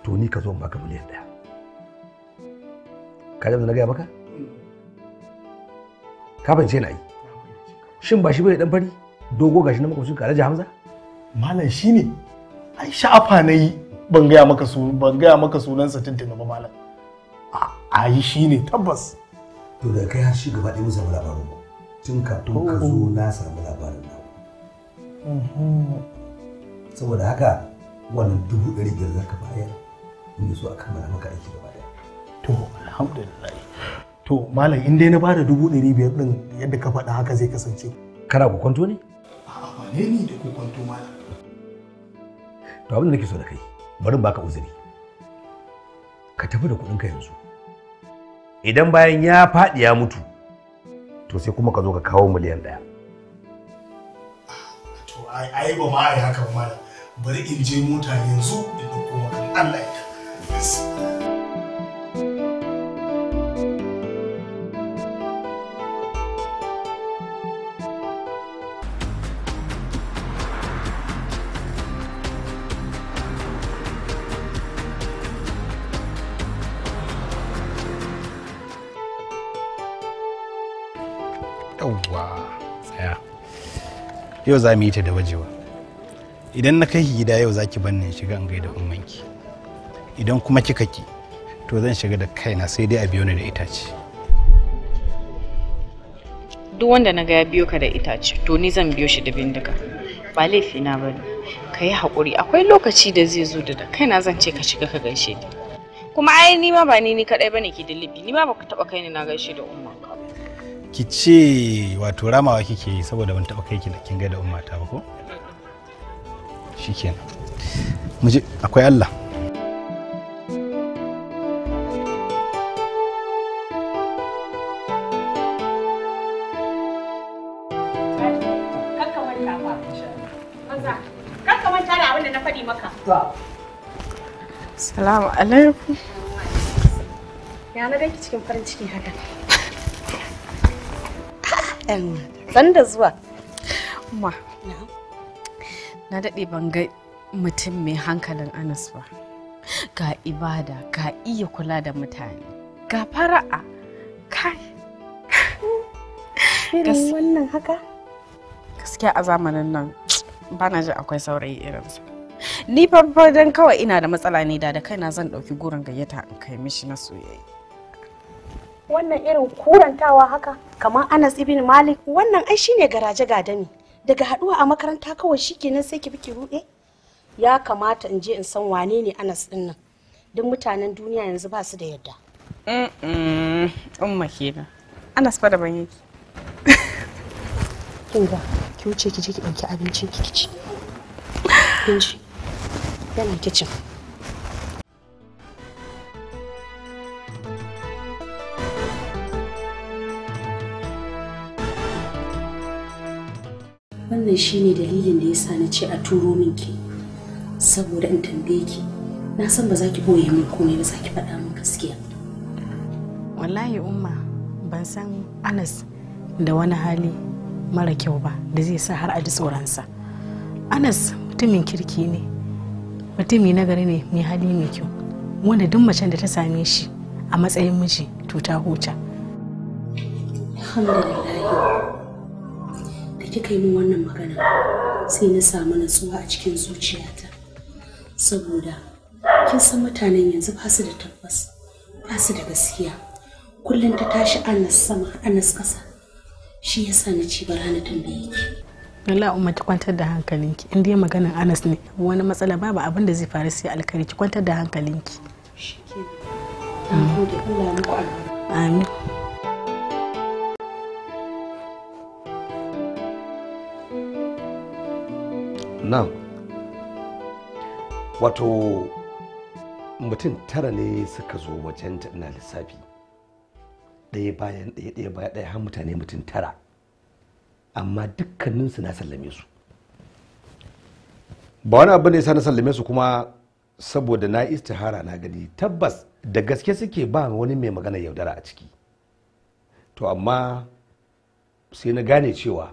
to ni ka zo in baka miliyan ɗaya ka da na gaya maka ka fahimce na yi shin ba shi bai dan fari dogo gashi na makwabcin ka alhaji hamza malam shine ai sha'afa na yi ban gaya maka su ban gaya maka sunan sa tuntuna ba malam a yi shine tabbas to da kai har shi gaba ɗaya mun labarin ku tun tun ka zo oh. na samu labarin nan mhm. saboda haka wannan dubu ɗari biyar za ka bayar in so a kammala maka aiki gaba ɗaya to alhamdulillah to malam in dai na ba da dubu ɗari biyar ɗin yadda ka faɗa haka zai kasance kana kwanto ne a'a ba ne ni da kwanto malam to abin da nake so da kai bari baka uzuri ka tafi da kuɗinka yanzu idan bayan ya faɗi ya mutu to sai kuma ka zo ka kawo miliyan ɗaya to ai ba ma ai haka ba bari in je mota yanzu in ɗauko maka Allah ya yau za mu yi ta da wajewa idan na kai gida yau za ki bannin shiga in gaida ummanki idan kuma kika ki to zan shiga da kaina sai dai a biyo ni da itace duk wanda na ga ya biyo ka da itace to ni zan biyo shi da bindiga ba laifi na ba ne, ka yi haƙuri akwai lokaci da zai zo da kaina zan ce ka shiga ka gaishe ni kuma ai ni ma ba ni ni kadai bane ke da ni ma baka taba kai ni na gaishe da umma ki ce wato ramawa kike yi saboda ban taɓa kai ki kin gaida ummata ba ko shikenan mu je akwai Allah Salamu alaikum. Ya na dai cikin farin ciki haka. San da zuwa. Ma. Na daɗe ban ga mutum mai hankalin Anas ba. Ga ibada, ga iya kula da mutane, ga fara'a, kai. Irin wannan haka? Gaskiya a zamanin nan bana ji akwai saurayi irinsa. Ni farfar kawai ina da matsala ne da da kaina zan ɗauki gurin gayyata in kai mishi na soyayya. wannan irin kurantawa haka kamar anas ibn malik wannan ai shine garaje gadami daga haduwa a makaranta kawai shikenan sai ki bi ki rude ya kamata in je in san wane ne anas din nan duk mutanen duniya yanzu ba su da yadda umma kenan anas fa daban yake kin ga ki wuce ki je ki dauki abincin ki ci yana kicin wannan shine dalilin da yasa na ce a turo minki saboda in tambaye ki na san ba za ki boye min komai ba za ki faɗa min gaskiya wallahi umma ban san anas da wani hali mara kyau ba da zai sa har a ji tsoronsa anas mutumin kirki ne mutumi na gari ne mai hali mai kyau wanda duk macen da ta same shi a matsayin miji to ta huta alhamdulillah kika yi min wannan magana sai na samu nutsuwa a cikin zuciyata saboda kin san mutanen yanzu ba su da tabbas ba su da gaskiya kullum ta tashi anas sama anas kasa shi yasa na ci bara na tambaye ki Allah umma ki kwantar da hankalinki in dai maganar Anas ne wani matsala babu abin da zai faru sai alkhairi ki kwantar da hankalinki shikenan Allah muku amin na'am wato mutum tara ne suka zo wajen ina lissafi ɗaya bayan ɗaya ɗaya bayan ɗaya har mutane mutum tara amma dukkaninsu na sallame su ba wani abu ne sa na sallame su kuma saboda na istihara na gani tabbas da gaske suke ba wani mai magana yaudara a ciki to amma sai na gane cewa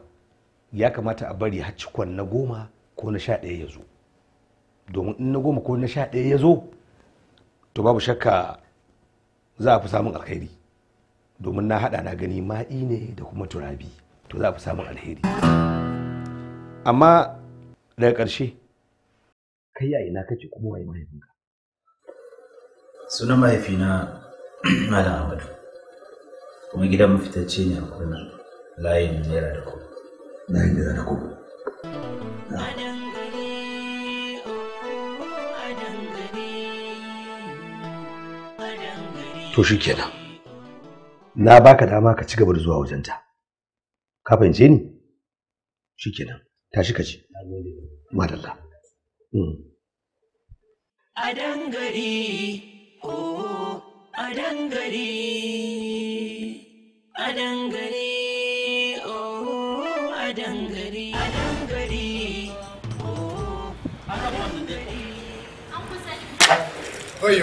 ya kamata a bari har na goma ko na sha ɗaya ya zo domin in na goma ko na sha ɗaya ya zo to babu shakka za a fi samun alheri domin na haɗa na gani ma'i ne da kuma turabi to za a fi samun alheri amma daga ƙarshe kai a ina kake kuma waye mahaifinka sunan mahaifina malam amadu kuma gidan mafitacce ne a kurna layin naira da kuma layin naira da kuma to shi kenan na baka dama ka ci gaba da zuwa wajenta ka fahimce ni shi kenan tashi ka ci madalla mm. a dangare o a dangare a dangare o a dangare a dangare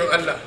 o Allah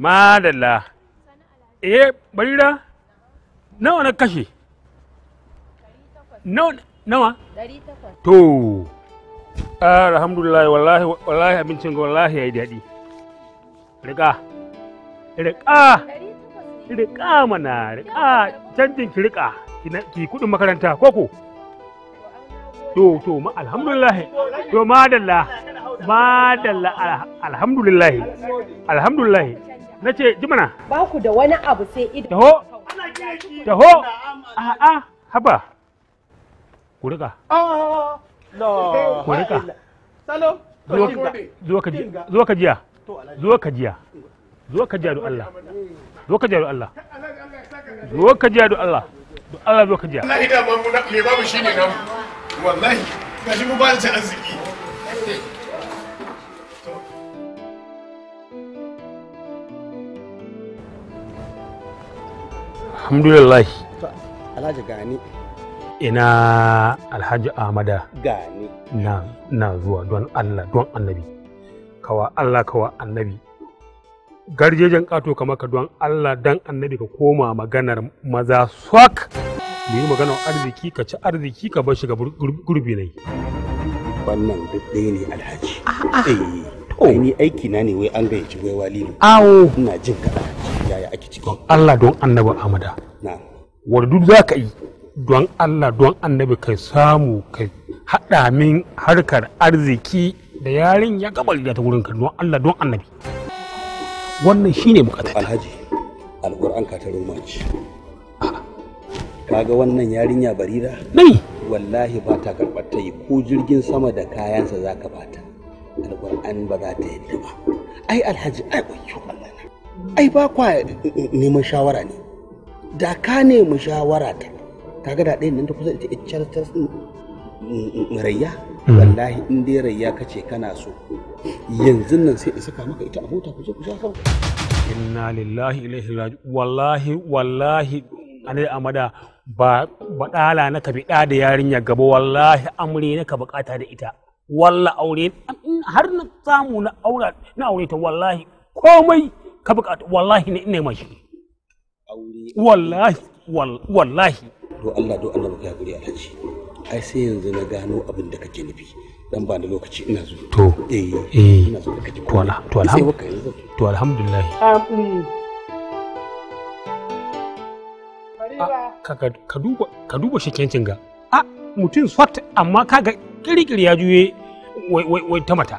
madalla eh barira nawa na kashe nawa to alhamdulillah wallahi wallahi abincin ga wallahi yayi daɗi riƙa riƙa riƙa mana riƙa canjin ki riƙa ki kuɗin makaranta koko to to ma alhamdulillah to madalla madalla alhamdulillah alhamdulillah na ce mana ba ku da wani abu sai ido taho taho a a haba ku rika ah, ah, ah, ku rika zuwa ka jiya zuwa ka jiya zuwa ka jiya don Allah zuwa ka jiya do Allah zuwa ka jiya do Allah do Allah zuwa ka jiya wallahi da mu ne babu shine nan wallahi gashi mu ba ta arziki alhamdulillah alhaji gani ina alhaji ahmada gani na na zuwa don allah don annabi kawa allah kawa annabi garjejen kato kamar ka don allah dan annabi ka koma maganar maza swak mu yi maganar arziki ka ci arziki ka bar shi ga gurbi ne wannan duk ɗaya ne alhaji ah, ah. Eh, ni aiki na ne wai an gayyaci wai wali ne awo ina jin kaɗa don Allah don annabi Amada wadda duk za ka yi don Allah don annabi ka samu ka haɗa min harkar arziki da yarin ya gaba da ta wurin ka don Allah don annabi wannan shi ne bukatar alhaji alquran ka ta romanci kaga wannan yarinya barira nai wallahi ba ta karɓar ta yi ko jirgin sama da kayansa za ka bata alquran ba za ta yi ba ai alhaji ai wayo ai ba kwa eh, eh, neman shawara ne da ka nemi shawara ta kaga da ɗayan nan ta kusa da ita ta mm, mm, rayya mm. wallahi in dai rayya ce kana so yanzu nan sai in saka maka ita a mota ku je ku sha sauka inna lillahi ilaihi raji wallahi wallahi anai amada ba badala na ka bida da yarinya gaba wallahi amure na ka bukata da ita wallahi aure har na samu na aure ta wallahi komai ka bukata wallahi ne ina mashi wallahi wallahi do Allah do Allah baka guri alhaji ai sai yanzu na gano abin da kake nufi dan ba da lokaci ina zo to eh, eh ina zo kake to alhamdulillah to alhamdulillah ka duba shikencin ga a ah, mutum swat amma kaga kirkiri ya juye wai ta mata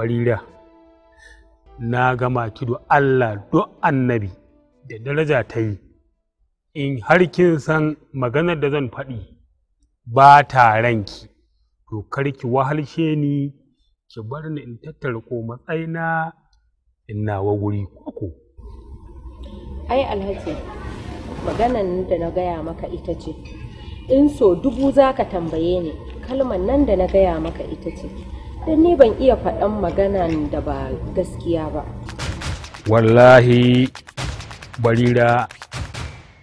barira na gama kido Allah duk annabi da daraja ta yi in har kin san maganar da zan faɗi ba ta ranki to ki wahalshe ni ki bar ni in tattara ko matsayina in nawa wuri koko ai alhaji maganan da na gaya maka ita ce in so dubu za ka tambaye ni kalmar nan da na gaya maka ita ce don ni ban iya faɗan maganan da ba gaskiya ba wallahi barira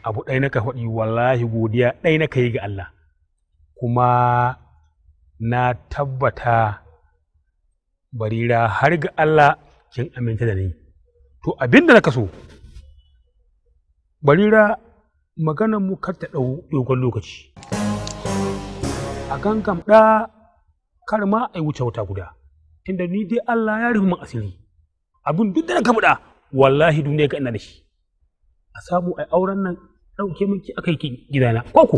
abu ɗaya naka faɗi wallahi godiya ɗaya ka yi ga Allah kuma na tabbata barira har ga Allah kin aminta da ni to abin da naka so barira maganan mu kar ta ɗau dogon lokaci a kan kamɗa. kar ma yi wuce wata guda tunda ni dai Allah ya rufe min asiri abin duk da na kabuɗa wallahi duniya ga ina da shi a samu a auren nan ɗauke min ki akai ki gidana ko ko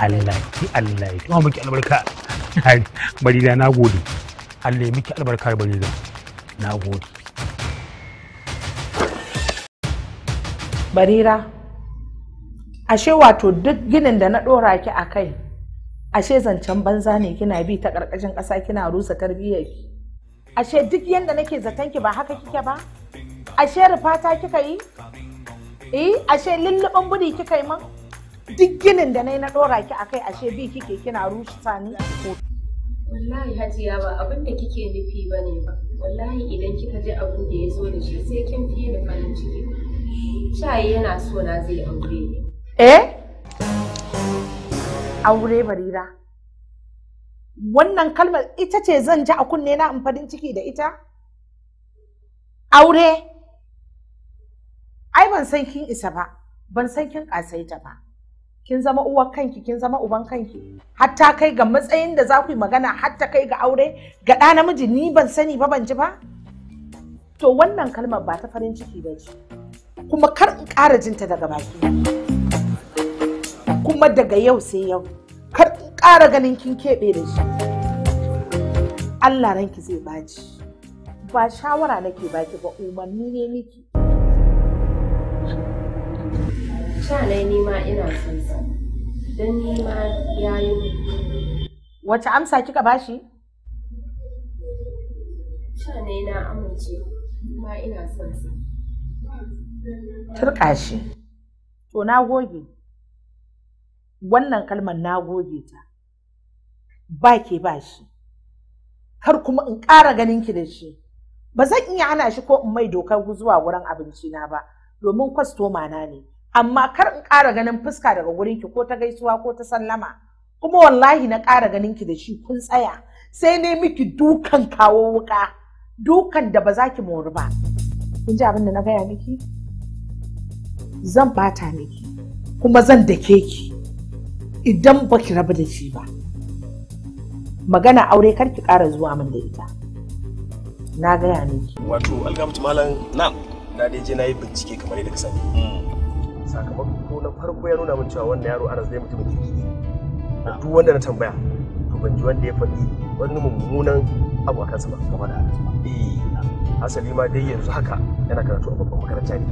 Allah ki Allah ya tuma miki albarka bari da na gode Allah ya miki albarka bari da na gode Barira ashe wato duk ginin da na ɗora ki a kai ashe zancen banza ne kina bi ta ƙarƙashin ƙasa kina rusa tarbiyyar ki ashe duk yanda nake zaton ki ba haka kike ba ashe rufata kika yi eh ashe lulluɓin budi kika yi man duk ginin da na yi na ɗora ki akai ashe bi kike kina rusa ni wallahi hajiya ba abin da kike nufi ba ne ba wallahi idan kika ji abu da ya zo da shi sai kin fiye da farin ciki shayi yana so na zai aure ni eh aure barira wannan kalmar ita ce zan ji a kunne na amfanin ciki da ita aure ai ban san kin isa ba ban san kin kasaita ba kin zama uwar kanki kin zama uban kanki hatta kai ga matsayin da za ku yi magana hatta kai ga aure ga ɗa namiji ni ban sani ba ban ji ba to wannan kalmar ba ta farin ciki ba ce kuma kar in ƙara jinta daga baki kuma daga yau sai yau kar ƙara ganin kin keɓe da shi Allah ranki zai baci ba shawara nake baki ba umarni ne miki shanai ni ma ina son sa don ni ma yayi wace amsa kika bashi shanai na amince ma ina son sa turka shi to na goge wannan kalmar na goge ta ba ke ba shi kar kuma in ƙara ganin ki da shi ba zan iya hana shi ko in mai dokar zuwa wurin abinci na ba domin kwastoma na ne amma kar in ƙara ganin fuska daga gurin ki ko ta gaisuwa ko ta sallama kuma wallahi na ƙara ganin ki da shi kun tsaya sai ne miki dukan kawo wuka dukan da ba za ki mori ba kun ji abin da na gaya miki zan bata miki kuma zan dake ki idan ba ki rabu da shi ba magana aure kar ki ƙara zuwa min da ita na gaya miki wato algamtu malam na'am na dai je na yi bincike kamar yadda ka sani sakamako na farko ya nuna min cewa wannan yaro anas zai mutu kirki a duk wanda na tambaya to ban ji wanda ya faɗi wani mummunan abu a kansa ba kamar da eh asali ma dai yanzu haka yana karatu a babban makaranta ne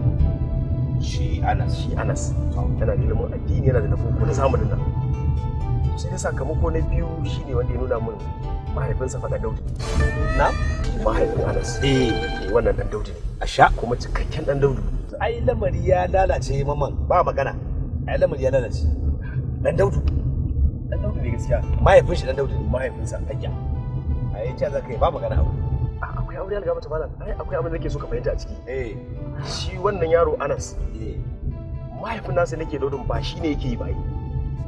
shi anas shi anas yana ilimin addini yana da nufin ko na zamanin nan sai sakamako na biyu shine wanda ya nuna min mahaifinsa faɗa daudi na mahaifin anas eh, eh wannan dan daudi ne a sha kuma cikakken dan daudi ai lamari ya lalace maman ba magana ai lamari ya lalace dan daudi dan daudi ne gaskiya mahaifin shi dan daudi ne mahaifinsa ayya ai za ka yi ba magana abu akwai aure ya gaba ta malam ai akwai abin da nake so ka fahimta a ciki eh shi wannan yaro Anas eh mahaifin nasa nake dodon ba shine yake yi ba yi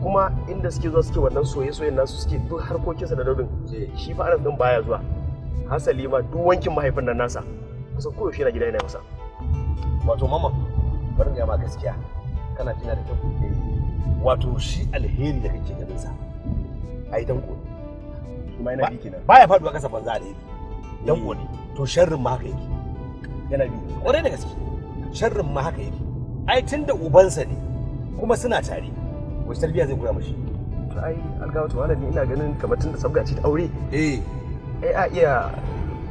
kuma inda suke zuwa suke wannan soye-soyen nasu suke duk harkokinsa da daudin shi fa anas din baya zuwa hasali ma duk wankin mahaifin nan nasa kusan koyaushe na gida yana masa wato mama bari ga ma gaskiya kana jina da kyau wato shi alheri da kake ganin sa ai danko kuma yana biki kenan baya faduwa kasa banza alheri dan ne to sharrin ma haka yake yana bi kwarai da gaske sharrin ma haka yake ai tunda ubansa ne kuma suna tare wace salbiya zai koya mashi to ai algawa to malami ina ganin kamar tunda sabga ce ta aure eh ai eh, a iya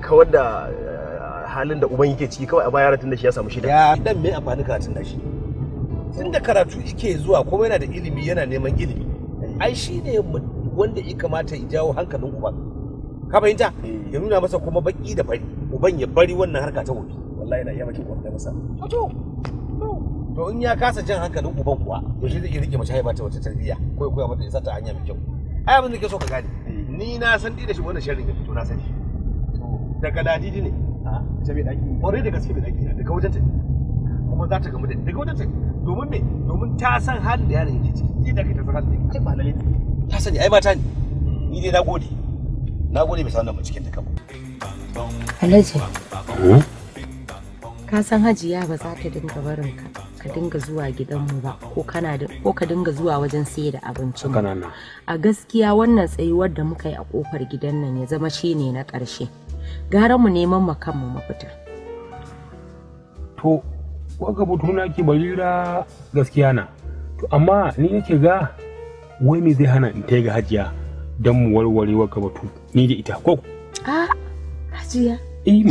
kawar da eh, halin da uban yake ciki kawai a bayar tun da shi ya samu shida ya dan me amfani karatun da shi tun da karatu yake zuwa kuma yana da ilimi yana neman ilimi ai shi ne wanda ya kamata ya jawo hankalin uban ka fahimta eh. ya nuna masa kuma baki da fari uban ya bari wannan harka ta wofi wallahi na iya maki kwanta masa to to in ya kasa jan hankalin uban kuwa to shi zai rike mace haibata wata tarbiyya ko ya koya mata isa ta hanya mai kyau ai abin da ke so ka gane ni na san da shi wannan sharrin ya fito na san shi daga ladidi ne ta mai daki kwarai da gaske mai daki daga wajen ta kuma za ta gamu da daga wajen ta domin me domin ta san halin da yaron yake ciki ji da kai ta san halin da yake ba lalle ta sani ai mata ne ni dai na gode na gode bai san da cikin da kanmu Alhaji, ka san hajiya ba za ta dinga ka. ka dinga zuwa gidanmu ba ko ka dinga zuwa wajen sayar da abinci a gaskiya wannan tsayuwar da muka yi a kofar gidan nan ya zama shi ne na ƙarshe gara mu neman mu kanmu mafita to waka butuna ki barira gaskiya na to amma ni nake ga wai me zai hana in ta ga hajiya don mu warware ka batu ni da ita ko a hajiya eh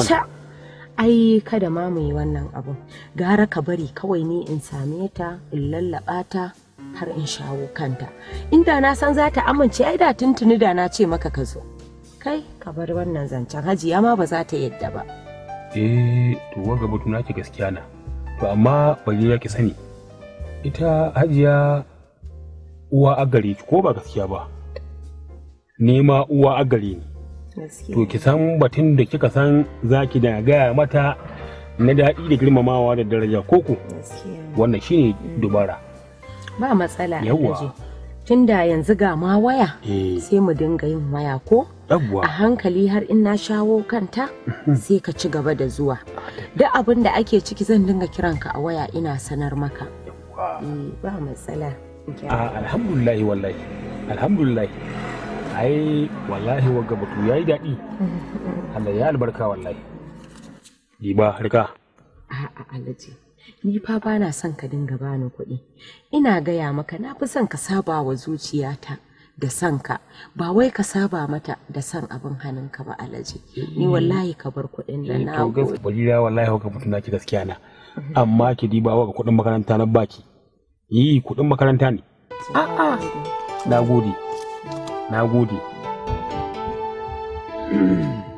ai kada ma mu yi wannan abun gara ka bari kawai ni in same ta in lallaba ta har in shawo kanta inda na san za ta amince ai da tuntuni da na ce maka ka zo kai ka bar wannan zancen hajiya ma ba za ta yadda ba eh to waga batu naki gaskiya na to amma ba ya ki sani ita hajiya uwa a gare ki ko ba gaskiya ba nema uwa a gare ni to ki san batun da kika san zaki da gaya mata na daɗi da girmamawa da daraja koko wannan shine mm. dubara ba matsala yawa tun da yanzu ga ma waya eh. sai mu dinga yin waya ko a hankali har in na shawo kanta mm-hmm. sai ka ci gaba da zuwa duk abin da ake ciki zan dinga kiranka a waya ina sanar maka eh, ba matsala ah, alhamdulillah wallahi alhamdulillah ai wallahi wagga batu yayi daɗi Allah ya albarka wallahi ni ba harka a'a Alhaji, ni fa ba na son ka dinga bani kuɗi ina gaya maka na fi son ka saba wa zuciyata da son ka ba wai ka saba mata da son abin ka ba alaji ni mm. wallahi ka bar kuɗin da eh, na gode gaskiya wallahi haka na ki gaskiya na mhm. amma ki diba wa kuɗin makaranta na baki yi kuɗin makaranta ne a'a na gode na gode hmm.